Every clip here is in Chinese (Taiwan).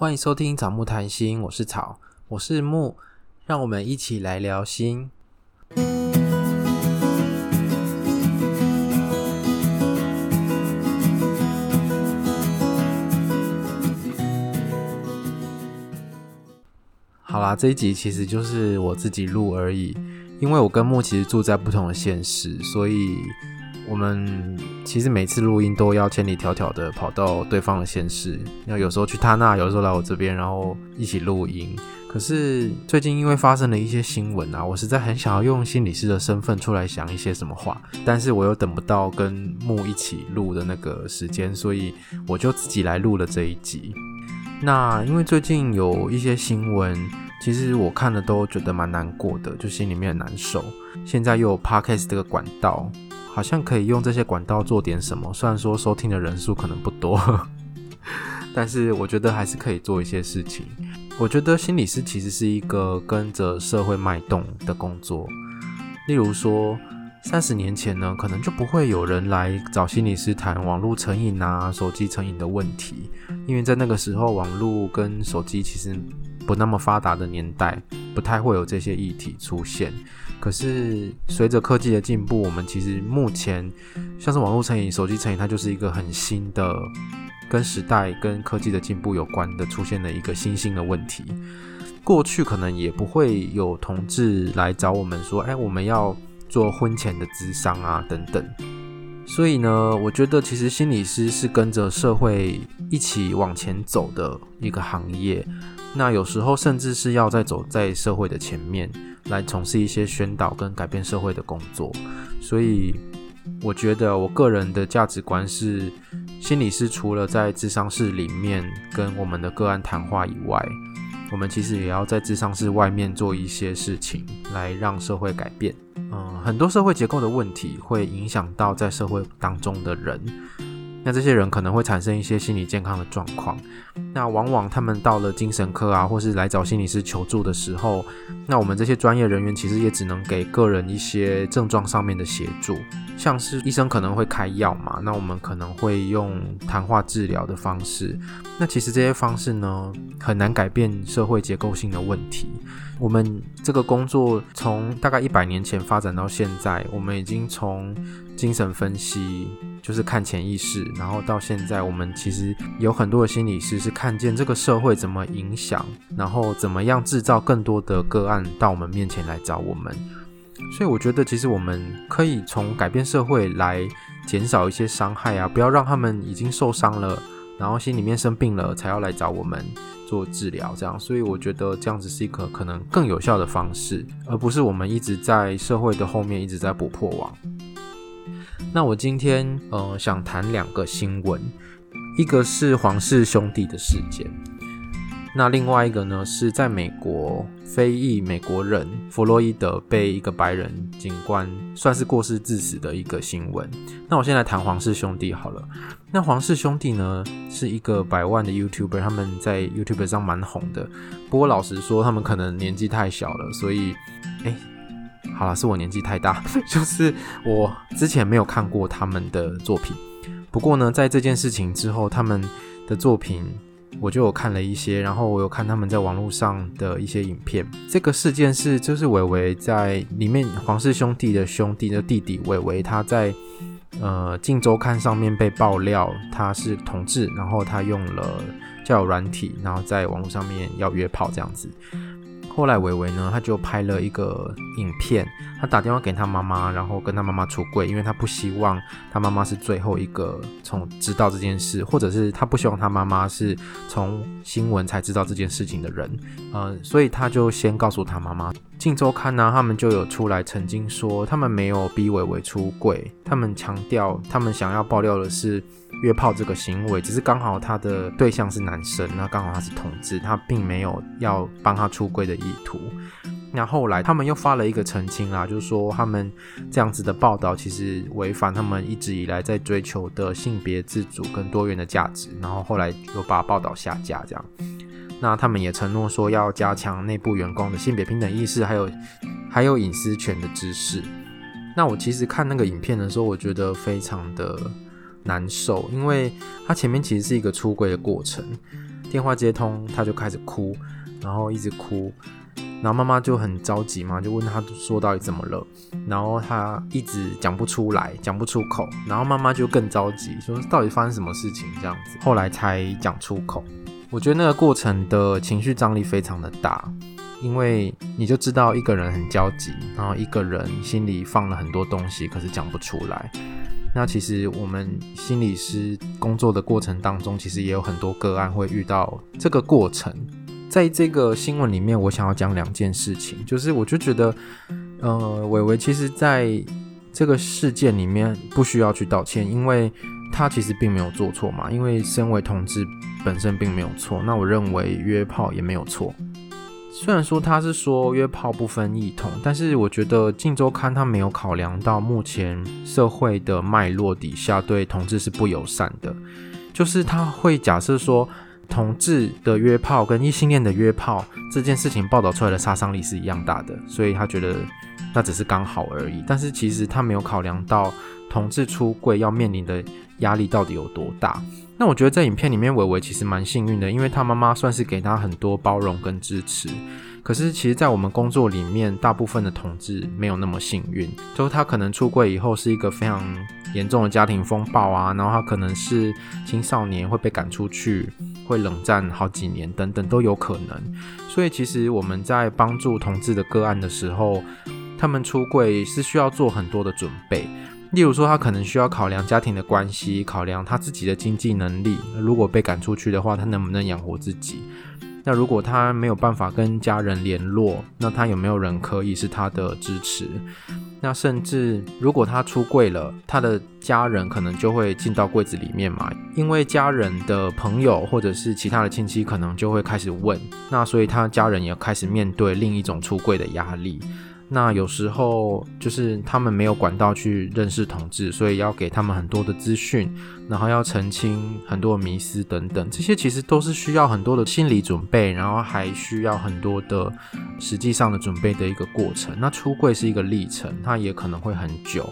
歡迎收聽草木談心，我是草，我是木，讓我們一起來聊心。好啦，這一集其實就是我自己錄而已，因為我跟木其實住在不同的現實，所以。我們其實每次錄音都要千里迢迢的跑到對方的縣市，那有時候去他那，有時候來我這邊，然後一起錄音。可是最近因為發生了一些新聞啊，我實在很想要用心理師的身份出來想一些什麼話，但是我又等不到跟木一起錄的那個時間，所以我就自己來錄了這一集。那因為最近有一些新聞，其實我看了都覺得蠻難過的，就心裡面很難受。現在又有 Podcast 這個管道。好像可以用這些管道做點什麼，雖然說收聽的人數可能不多，呵呵，但是我覺得還是可以做一些事情。我覺得心理師其實是一個跟着社會脈動的工作，例如說三十年前呢，可能就不會有人來找心理師談網絡成癮啊、手機成癮的問題，因為在那個時候，網絡跟手機其實不那麼發達的年代，不太會有這些議題出現。可是，隨着科技的進步，我們其實目前像是網絡成癮、手機成癮，它就是一個很新的、跟時代跟科技的進步有關的出現的一個新興的問題。過去可能也不會有同志來找我們說：“哎，我們要做婚前的諮商啊，等等。”所以呢，我覺得其實心理師是跟着社會一起往前走的一個行業。那有時候甚至是要在走在社會的前面，來從事一些宣導跟改變社會的工作。所以，我覺得我個人的價值觀是，心理師除了在諮商室裡面跟我們的個案談話以外，我們其實也要在諮商室外面做一些事情，來讓社會改變。嗯，很多社會結構的問題會影響到在社會當中的人。那這些人可能會產生一些心理健康的狀況，那往往他們到了精神科啊，或是來找心理師求助的時候，那我們這些專業人員其實也只能給個人一些症狀上面的協助，像是醫生可能會開藥嘛，那我們可能會用談話治療的方式，那其實這些方式呢，很難改變社會結構性的問題。我們這個工作從大概一百年前發展到現在，我們已經從精神分析，就是看潛意識，然後到現在，我們其實有很多的心理師是看見這個社會怎麼影響，然後怎麼樣製造更多的個案到我們面前來找我們。所以我覺得，其實我們可以從改變社會來減少一些傷害啊，不要讓他們已經受傷了，然後心裡面生病了才要來找我們。做治療，這樣，所以我覺得這樣子是一個可能更有效的方式，而不是我們一直在社會的後面一直在補破網。那我今天嗯、呃、想談兩個新聞，一個是黃氏兄弟的事件。那另外一個呢，是在美國非裔美國人佛洛伊德被一個白人警官，算是過失致死的一個新聞。那我先來談黃氏兄弟好了。那黃氏兄弟呢，是一個百萬的 YouTuber，他們在 YouTube 上蠻紅的。不過老實說，他們可能年紀太小了，所以，哎、欸，好了，是我年紀太大，就是我之前沒有看過他們的作品。不過呢，在這件事情之後，他們的作品，我就有看了一些，然後我有看他們在網絡上的一些影片。這個事件是，就是瑋瑋在裡面，黃氏兄弟的兄弟的弟弟瑋瑋，他在呃《鏡週刊》上面被爆料，他是同志，然後他用了交友軟體，然後在網絡上面要約炮這樣子。後來，瑋瑋呢，他就拍了一個影片，他打電話給他媽媽，然後跟他媽媽出櫃，因為他不希望他媽媽是最後一個從知道這件事，或者是他不希望他媽媽是從新聞才知道這件事情的人，嗯、呃，所以他就先告訴他媽媽。《鏡週刊、啊》呢，他們就有出來曾經說，他們沒有逼瑋瑋出櫃，他們強調，他們想要爆料的是約炮這個行為，只是剛好他的對象是男生，那剛好他是同志，他並沒有要幫他出櫃的意。地圖。那後來他們又發了一個澄清啦，就是說他們這樣子的報道其實違反他們一直以來在追求的性別自主跟多元的價值。然後後來又把報道下架，這樣。那他們也承諾說要加強內部員工的性別平等意識，還有還有隱私權的知識。那我其實看那個影片的時候，我覺得非常的難受，因為他前面其實是一個出軌的過程，電話接通他就開始哭。然後一直哭，然後媽媽就很着急嘛，就問他說：“到底怎麼了？”然後他一直講不出來，講不出口，然後媽媽就更着急，說：“到底發生什麼事情？”這樣子，後來才講出口。我覺得那個過程的情緒張力非常的大，因為你就知道一個人很焦急，然後一個人心裡放了很多東西，可是講不出來。那其實我們心理師工作的過程當中，其實也有很多個案會遇到這個過程。在這個新聞裡面，我想要講兩件事情，就是我就覺得，呃，偉偉其實在這個事件裡面不需要去道歉，因為他其實並沒有做錯嘛，因為身為同志本身並沒有錯。那我認為約炮也沒有錯，雖然說他是說約炮不分異同，但是我覺得《鏡周刊》他沒有考量到目前社會的脈絡底下對同志是不友善的，就是他會假設說，同志的約炮跟異性戀的約炮這件事情報道出來的殺傷力是一樣大的，所以他覺得那只是剛好而已。但是其實他沒有考量到同志出櫃要面臨的壓力到底有多大。那我覺得在影片裡面，瑋瑋其實蠻幸運的，因為他媽媽算是給他很多包容跟支持。可是，其實，在我們工作裡面，大部分的同志沒有那麼幸運，就是他可能出櫃以後是一個非常嚴重的家庭風暴啊，然後他可能是青少年會被趕出去，會冷戰好幾年，等等都有可能。所以，其實我們在幫助同志的個案的時候，他們出櫃是需要做很多的準備，例如說，他可能需要考量家庭的關係，考量他自己的經濟能力，如果被趕出去的話，他能不能養活自己。那如果他沒有辦法跟家人聯絡，那他有沒有人可以是他的支持？那甚至如果他出櫃了，他的家人可能就會進到櫃子裡面嘛，因為家人的朋友或者是其他的親戚可能就會開始問，那所以他家人也開始面對另一種出櫃的壓力。那有時候就是他們沒有管道去認識同志，所以要給他們很多的資訊，然後要澄清很多的迷思等等，這些其實都是需要很多的心理準備，然後還需要很多的實際上的準備的一個過程。那出櫃是一個歷程，它也可能會很久。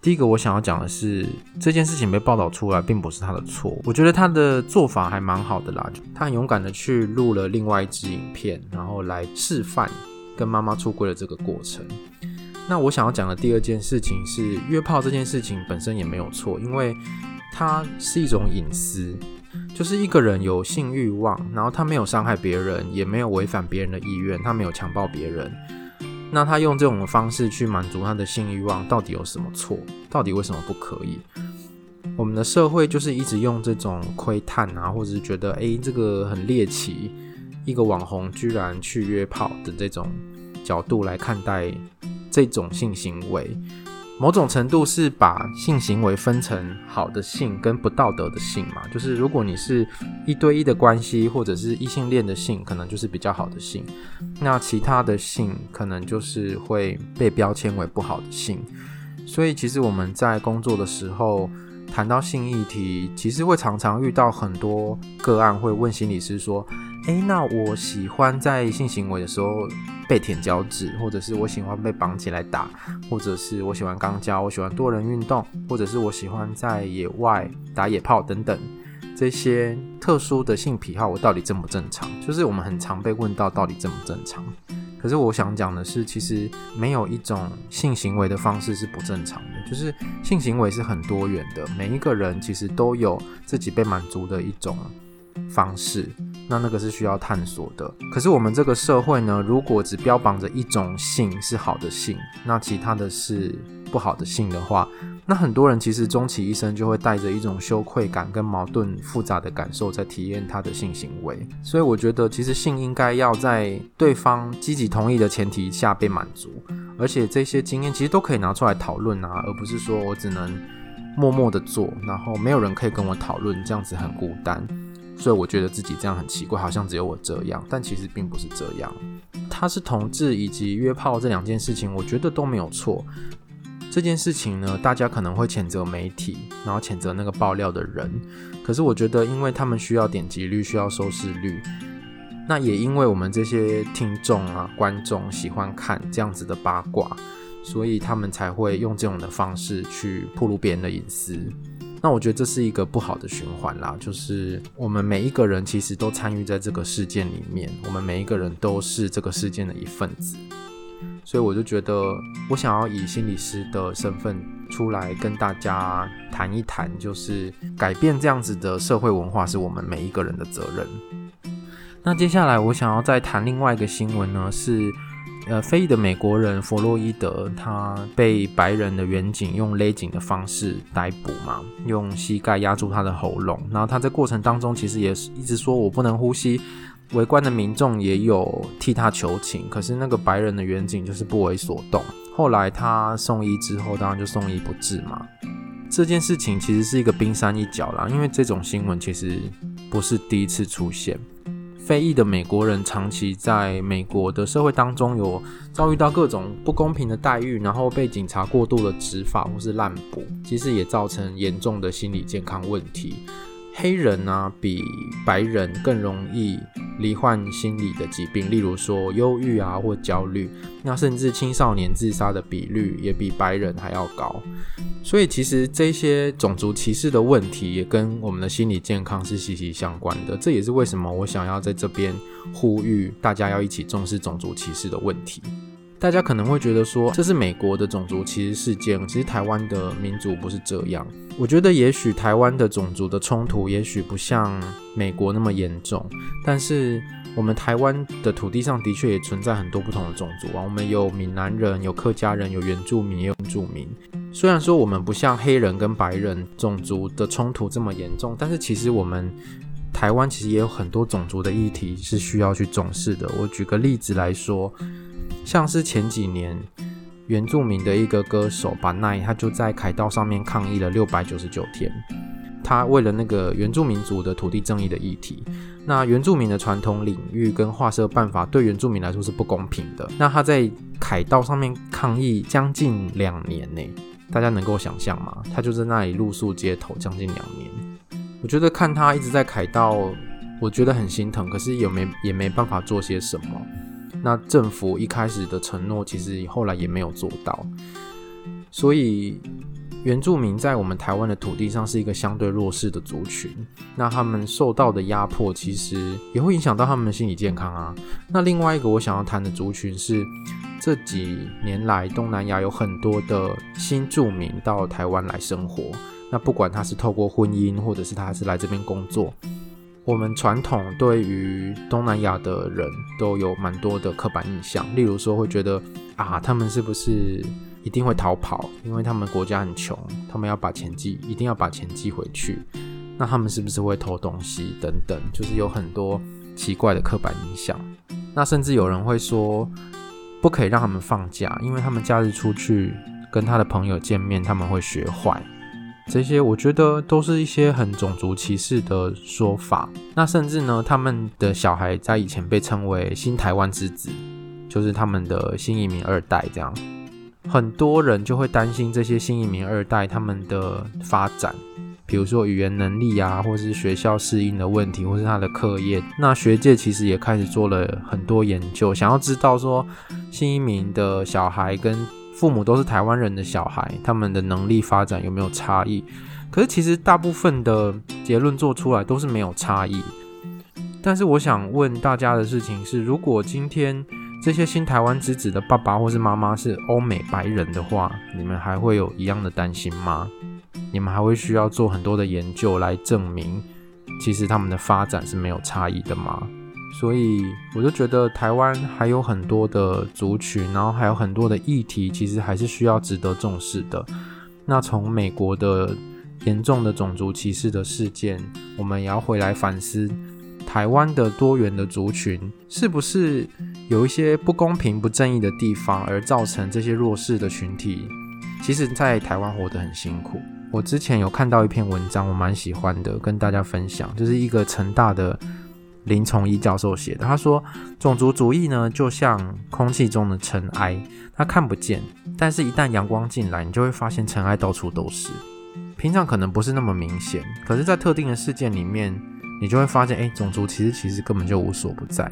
第一個我想要講的是，這件事情被報道出來，並不是他的錯。我覺得他的做法還蠻好的啦，他很勇敢的去錄了另外一支影片，然後來示範。跟媽媽出軌的這個過程，那我想要講的第二件事情是約炮這件事情本身也沒有錯，因為它是一種隱私，就是一個人有性欲望，然後他沒有傷害別人，也沒有違反別人的意願，他沒有強暴別人，那他用這種方式去滿足他的性欲望，到底有什麼錯？到底為什麼不可以？我們的社會就是一直用這種窺探啊，或者是覺得哎，欸，這個很獵奇。一個網紅居然去約炮的這種角度來看待這種性行為，某種程度是把性行為分成好的性跟不道德的性嘛。就是如果你是一對一的關係，或者是異性戀的性，可能就是比較好的性；那其他的性，可能就是會被標籤為不好的性。所以，其實我們在工作的時候談到性議題，其實會常常遇到很多個案，會問心理師說：誒，那我喜歡在性行為的時候被舔腳趾，或者是我喜歡被綁起來打，或者是我喜歡肛交，我喜歡多人運動，或者是我喜歡在野外打野炮等等這些特殊的性癖好，我到底正不正常？就是我們很常被問到到底正不正常。可是我想講的是，其實沒有一種性行為的方式是不正常的，就是性行為是很多元的，每一個人其實都有自己被滿足的一種方式。那那個是需要探索的。可是我們這個社會呢，如果只標榜着一種性是好的性，那其他的是不好的性的話，那很多人其實終其一生就會帶着一種羞愧感跟矛盾複雜的感受在體驗他的性行為。所以我覺得，其實性應該要在對方積極同意的前提下被滿足，而且這些經驗其實都可以拿出來討論啊，而不是說我只能默默的做，然後沒有人可以跟我討論，這樣子很孤單。所以我覺得自己這樣很奇怪，好像只有我這樣，但其實並不是這樣。他是同志以及約炮這兩件事情，我覺得都沒有錯。這件事情呢，大家可能會譴責媒體，然後譴責那個爆料的人。可是我覺得，因為他們需要點擊率，需要收視率，那也因為我們這些聽眾啊、觀眾喜歡看這樣子的八卦，所以他們才會用這種的方式去暴露別人的隱私。那我覺得這是一個不好的循環啦，就是我們每一個人其實都參與在這個事件裡面，我們每一個人都是這個事件的一份子，所以我就覺得我想要以心理師的身份出來跟大家談一談，就是改變這樣子的社會文化是我們每一個人的責任。那接下來我想要再談另外一個新聞呢，是。呃，非裔的美國人佛洛伊德，他被白人的員警用勒頸的方式逮捕嘛，用膝蓋壓住他的喉嚨，然後他在過程當中其實也是一直說“我不能呼吸”，圍觀的民眾也有替他求情，可是那個白人的員警就是不為所動。後來他送醫之後，當然就送醫不治嘛。這件事情其實是一個冰山一角啦，因為這種新聞其實不是第一次出現。非裔的美國人長期在美國的社會當中有遭遇到各種不公平的待遇，然後被警察過度的執法或是濫捕，其實也造成嚴重的心理健康問題。黑人呢、啊，比白人更容易罹患心理的疾病，例如說憂鬱啊或焦慮，那甚至青少年自殺的比率也比白人還要高。所以其實這些種族歧視的問題也跟我們的心理健康是息息相關的。這也是為什麼我想要在這邊呼籲大家要一起重視種族歧視的問題。大家可能會覺得說，這是美國的種族歧視事件，其實台灣的民族不是這樣。我覺得，也許台灣的種族的衝突，也許不像美國那麼嚴重。但是，我們台灣的土地上的確也存在很多不同的種族啊，我們有閩南人，有客家人，有原住民，也有原住民。雖然說我們不像黑人跟白人種族的衝突這麼嚴重，但是其實我們台灣其實也有很多種族的議題是需要去重視的。我舉個例子來說。像是前幾年原住民的一個歌手巴奈，他就在凱道上面抗議了六百九十九天。他為了那個原住民族的土地正義的議題，那原住民的傳統領域跟劃設辦法對原住民來說是不公平的。那他在凱道上面抗議將近兩年呢？大家能夠想象嗎？他就在那裡露宿街頭將近兩年。我覺得看他一直在凱道，我覺得很心疼，可是也沒也沒辦法做些什麼。那政府一開始的承諾，其實後來也沒有做到，所以原住民在我們台灣的土地上是一個相對弱勢的族群。那他們受到的壓迫，其實也會影響到他們的心理健康啊。那另外一個我想要談的族群是，這幾年來東南亞有很多的新住民到台灣來生活。那不管他是透過婚姻，或者是他還是來這邊工作。我們傳統對於東南亞的人都有蠻多的刻板印象，例如說會覺得啊，他們是不是一定會逃跑？因為他們國家很窮，他們要把錢寄，一定要把錢寄回去。那他們是不是會偷東西？等等，就是有很多奇怪的刻板印象。那甚至有人會說，不可以讓他們放假，因為他們假日出去跟他的朋友見面，他們會學壞。這些我覺得都是一些很種族歧視的說法。那甚至呢，他們的小孩在以前被稱為“新台灣之子”，就是他們的新移民二代這樣。很多人就會擔心這些新移民二代他們的發展，比如說語言能力啊，或是學校適應的問題，或是他的課業。那學界其實也開始做了很多研究，想要知道說新移民的小孩跟父母都是台灣人的小孩，他們的能力發展有沒有差異？可是其實大部分的結論做出來都是沒有差異。但是我想問大家的事情是：如果今天這些新台灣之子的爸爸或是媽媽是歐美白人的話，你們還會有一樣的擔心嗎？你們還會需要做很多的研究來證明其實他們的發展是沒有差異的嗎？所以我就覺得台灣還有很多的族群，然後還有很多的議題，其實還是需要值得重視的。那從美國的嚴重的種族歧視的事件，我們也要回來反思，台灣的多元的族群是不是有一些不公平、不正義的地方，而造成這些弱勢的群體，其實在台灣活得很辛苦。我之前有看到一篇文章，我蠻喜歡的，跟大家分享，就是一個成大的。林崇一教授寫的，他說：“種族主義呢，就像空氣中的塵埃，他看不見。但是，一旦陽光進來，你就會發現塵埃到處都是。平常可能不是那麼明顯，可是，在特定的事件裡面，你就會發現，哎、欸，種族其實其實根本就無所不在。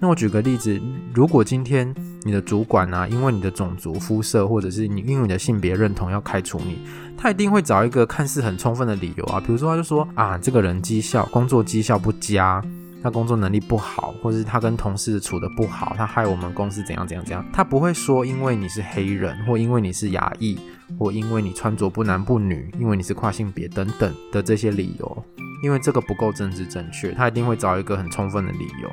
那我舉個例子，如果今天你的主管啊，因為你的種族膚色，或者是你因為你的性別認同要開除你，他一定會找一個看似很充分的理由啊，比如說他就說啊，這個人績效工作績效不佳。”他工作能力不好，或是他跟同事處得不好，他害我們公司怎樣怎樣怎樣，他不會說因為你是黑人，或因為你是亞裔，或因為你穿着不男不女，因為你是跨性別等等的這些理由，因為這個不夠政治正確，他一定會找一個很充分的理由。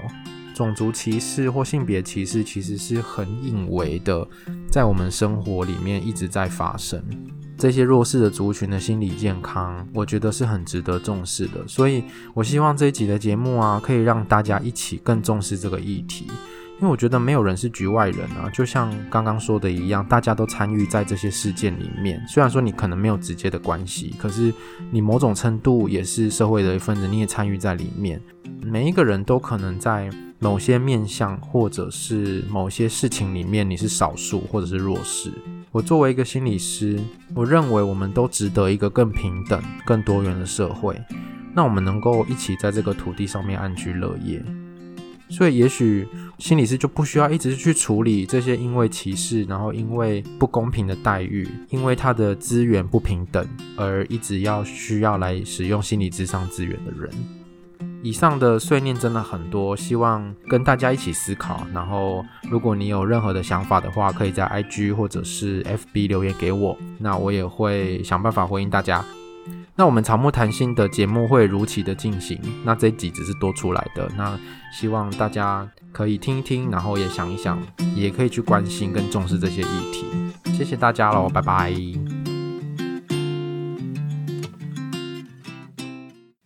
種族歧視或性別歧視其實是很隱微的，在我們生活裡面一直在發生。這些弱勢的族群的心理健康，我覺得是很值得重視的。所以，我希望這一集的節目啊，可以讓大家一起更重視這個議題。因為我覺得沒有人是局外人啊，就像剛剛說的一樣，大家都參與在這些事件裡面。雖然說你可能沒有直接的關係，可是你某種程度也是社會的一份子，你也參與在裡面。每一個人都可能在某些面向或者是某些事情裡面，你是少數或者是弱勢。我作為一個心理師，我認為我們都值得一個更平等、更多元的社會。那我們能夠一起在這個土地上面安居樂業。所以，也許心理師就不需要一直去處理這些因為歧視，然後因為不公平的待遇，因為他的資源不平等而一直要需要來使用心理諮商資源的人。以上的碎念真的很多，希望跟大家一起思考。然後，如果你有任何的想法的話，可以在 IG 或者是 FB 留言給我，那我也會想辦法回應大家。那我們草木談心的節目會如期的進行，那這集只是多出來的。那希望大家可以聽一聽，然後也想一想，也可以去關心跟重視這些議題。謝謝大家嘍，拜拜。